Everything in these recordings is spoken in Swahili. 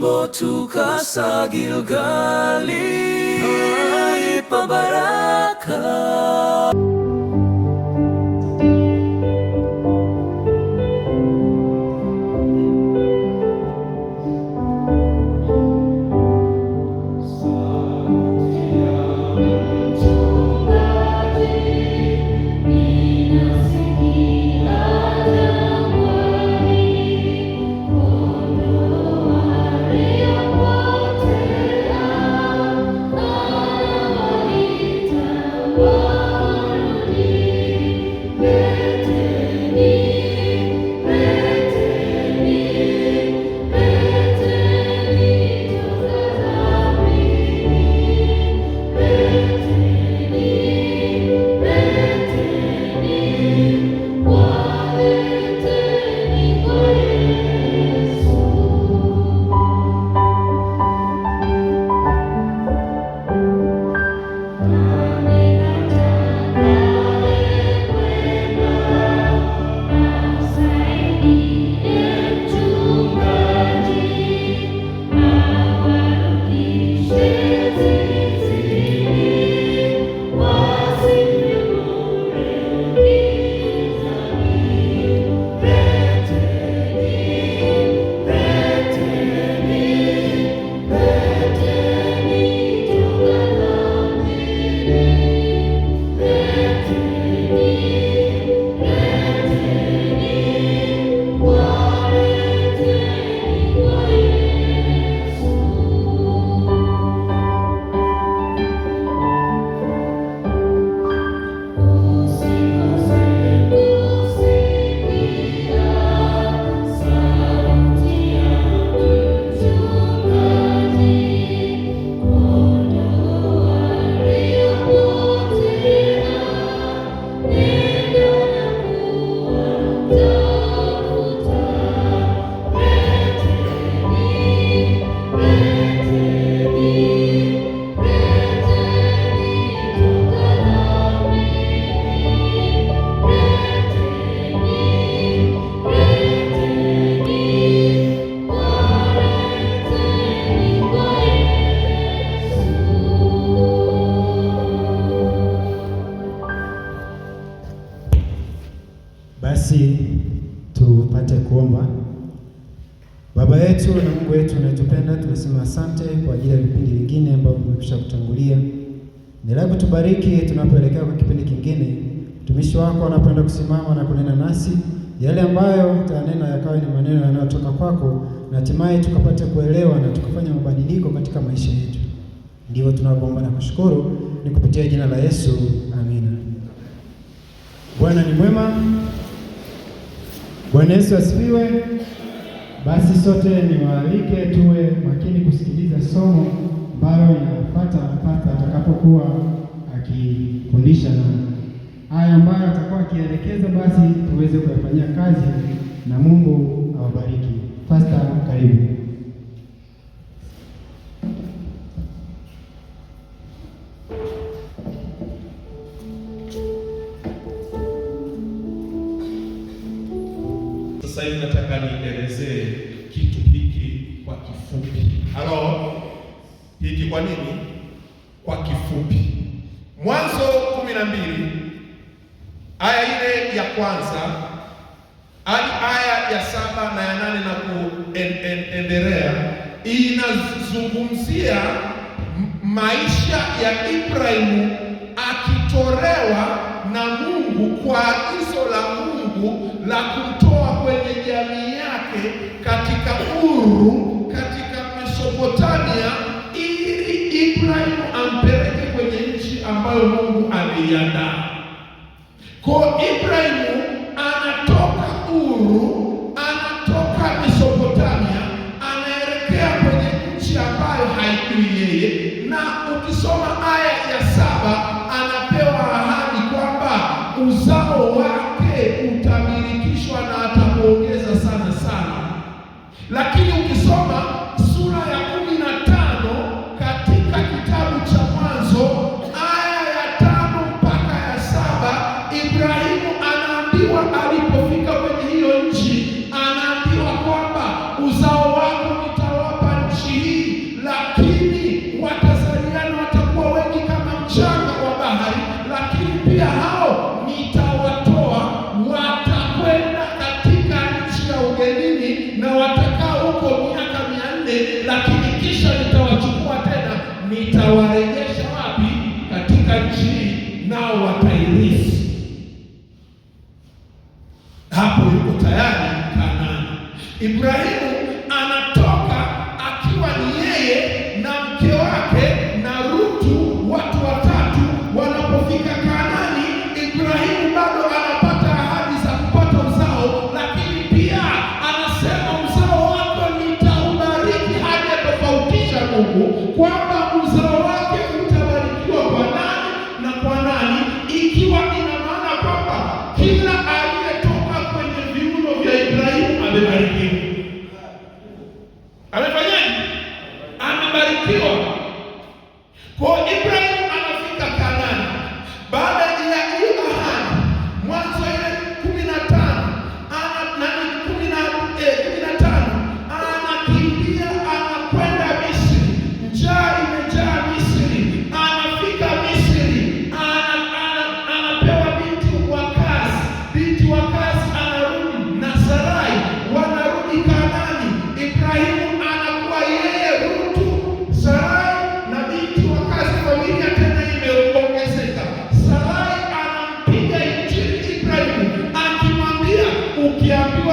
Jimbo tukasa Gilgali ipabaraka Basi tupate kuomba. Baba yetu na Mungu wetu unayetupenda, tunasema asante kwa ajili ya vipindi vingine ambavyo vimekwisha kutangulia. Endelea kutubariki tunapoelekea kwa kipindi kingine. Mtumishi wako anapenda kusimama na kunena nasi, yale ambayo utanena yakawa ni maneno yanayotoka kwako, na hatimaye tukapate kuelewa na tukafanya mabadiliko katika maisha yetu. Ndivyo tunakuomba na kushukuru, ni kupitia jina la Yesu, amina. Bwana ni mwema Bwana Yesu asifiwe. Basi sote niwaalike tuwe makini kusikiliza somo ambalo inapata anapata atakapokuwa akifundisha na haya ambayo atakuwa akielekeza, basi tuweze kuyafanyia kazi na Mungu awabariki. Pastor, karibu. nielezee kitu hiki kwa kifupi. Halo, hiki kwa nini? Kwa kifupi. Mwanzo kumi na mbili aya ile ya kwanza hadi aya ya saba na ya nane na kuendelea en, inazungumzia maisha ya Ibrahimu akitorewa na Mungu kwa agizo la Mungu la kumtoa kwenye jamii katika Uru, katika Mesopotamia, ili Ibrahimu ampeleke kwenye nchi ambayo Mungu aliiandaa. Kwa Ibrahimu yuko tayari Kanaani. Ibrahimu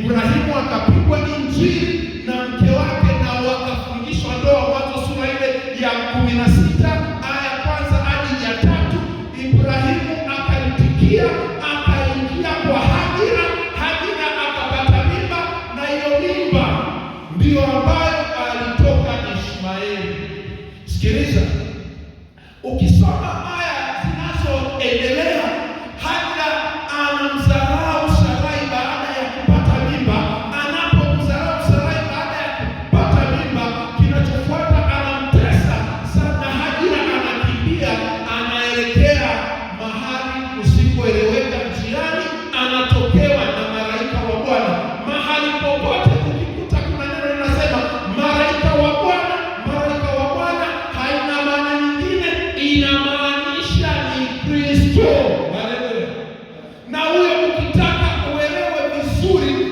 Ibrahimu akapigwa injili procurem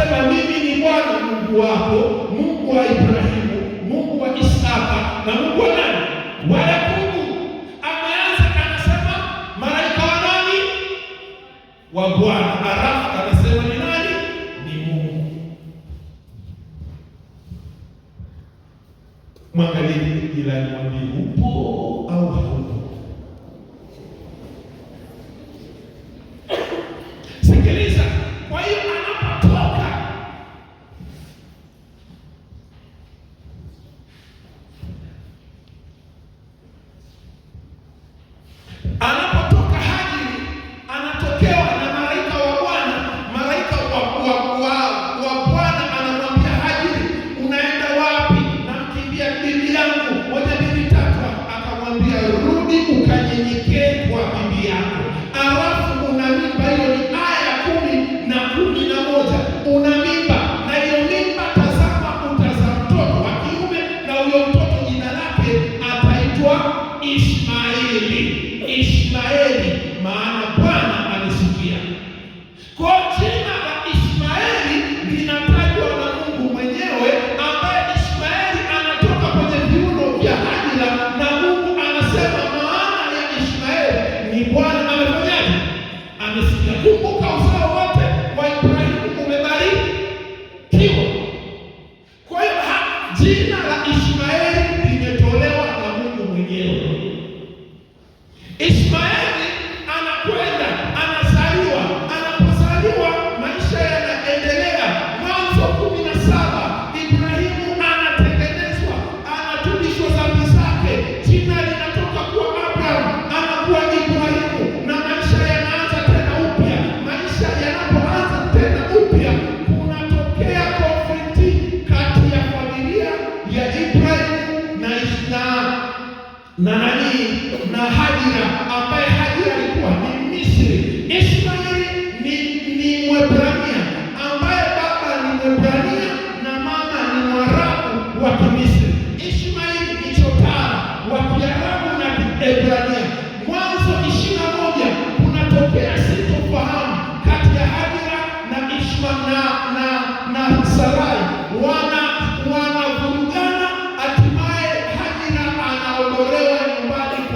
akasema mimi ni Bwana Mungu wako, Mungu wa Ibrahimu, Mungu wa Isaka na Mungu wa nani? unyenyekevu wa bibi yako, alafu una Hiyo ni aya kumi na kumi na moja. Una na hiyo mimba, tazama, utazaa mtoto wa kiume, na huyo mtoto jina lake ataitwa Ishmaeli. Ishmaeli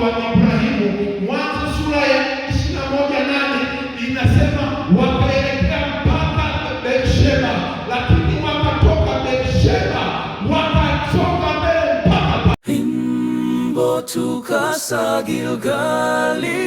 kwa Ibrahimu. Mwanzo sura ya ishirini na moja nane inasema wakaelekea mpaka Beersheba, lakini wakatoka Beersheba wakasonga mbele mpaka tukasa Gilgali,